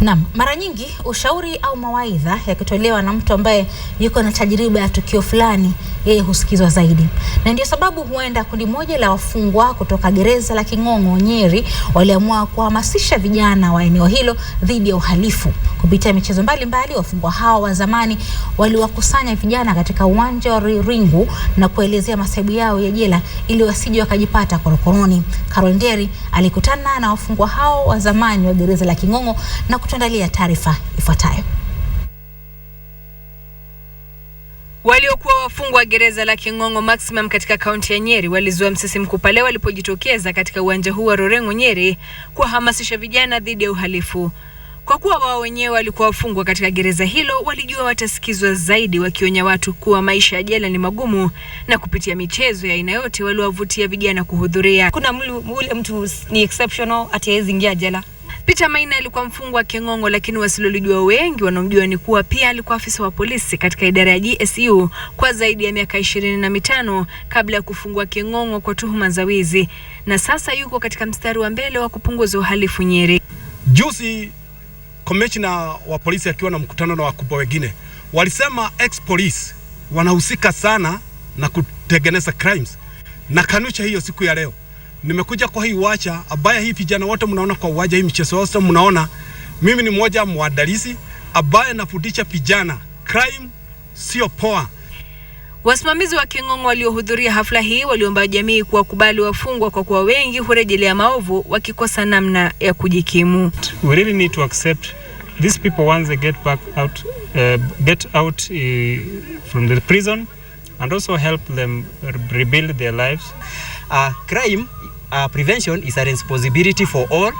Naam, mara nyingi ushauri au mawaidha yakitolewa na mtu ambaye yuko na tajriba ya tukio fulani, yeye husikizwa zaidi, na ndio sababu huenda kundi moja la wafungwa kutoka gereza la King'ong'o Nyeri, waliamua kuhamasisha vijana wa eneo hilo dhidi ya uhalifu kupitia michezo mbalimbali. Wafungwa hao wa zamani waliwakusanya vijana katika uwanja wa Ringu na kuelezea masaibu yao ya jela ili wasije wakajipata korokoroni. Carol Nderi alikutana na wafungwa hao wa zamani wa gereza la King'ong'o na kutuandalia taarifa ifuatayo. Waliokuwa wafungwa wa gereza la King'ong'o Maximum katika kaunti ya Nyeri walizua msisimko pale walipojitokeza katika uwanja huu wa Roreng'o Nyeri kuwahamasisha vijana dhidi ya uhalifu. Kwa kuwa wao wenyewe walikuwa wafungwa katika gereza hilo, walijua watasikizwa zaidi, wakionya watu kuwa maisha ya jela ni magumu, na kupitia michezo ya aina yote waliwavutia vijana kuhudhuria. Kuna ule mtu ni exceptional ati hawezi ingia jela Peter Maina alikuwa mfungwa wa King'ong'o, lakini wasilolijua wengi wanaomjua ni kuwa pia alikuwa afisa wa polisi katika idara ya GSU kwa zaidi ya miaka ishirini na mitano kabla ya kufungwa King'ong'o kwa tuhuma za wizi, na sasa yuko katika mstari wa mbele wa kupunguza uhalifu Nyeri. Juzi komishna wa polisi akiwa na mkutano na wakubwa wengine walisema ex police wanahusika sana na kutengeneza crimes na kanusha hiyo siku ya leo nimekuja kwa hii wacha abaya hii vijana wote mnaona kwa uwanja hii mchezo wote mnaona, mimi ni mmoja mwadalisi abaya nafundisha vijana crime sio poa. Wasimamizi wa King'ong'o waliohudhuria hafla hii waliomba jamii kuwakubali wafungwa kwa kuwa wengi hurejelea maovu wakikosa namna ya kujikimu. We really need to accept these people once they get back out, uh, get out uh, from the prison and also help them rebuild their lives. Uh, crime Uh, prevention is a responsibility for all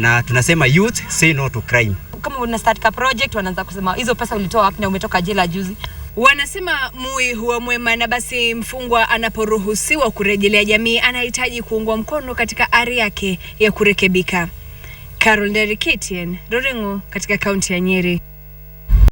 na tunasema youth say no to crime. Kama una start ka project wanaanza kusema hizo pesa ulitoa wapi na umetoka jela juzi. Wanasema mui huwa mwema, na basi mfungwa anaporuhusiwa kurejelea jamii anahitaji kuungwa mkono katika ari yake ya kurekebika. Carol Nderi, KTN katika kaunti ya Nyeri.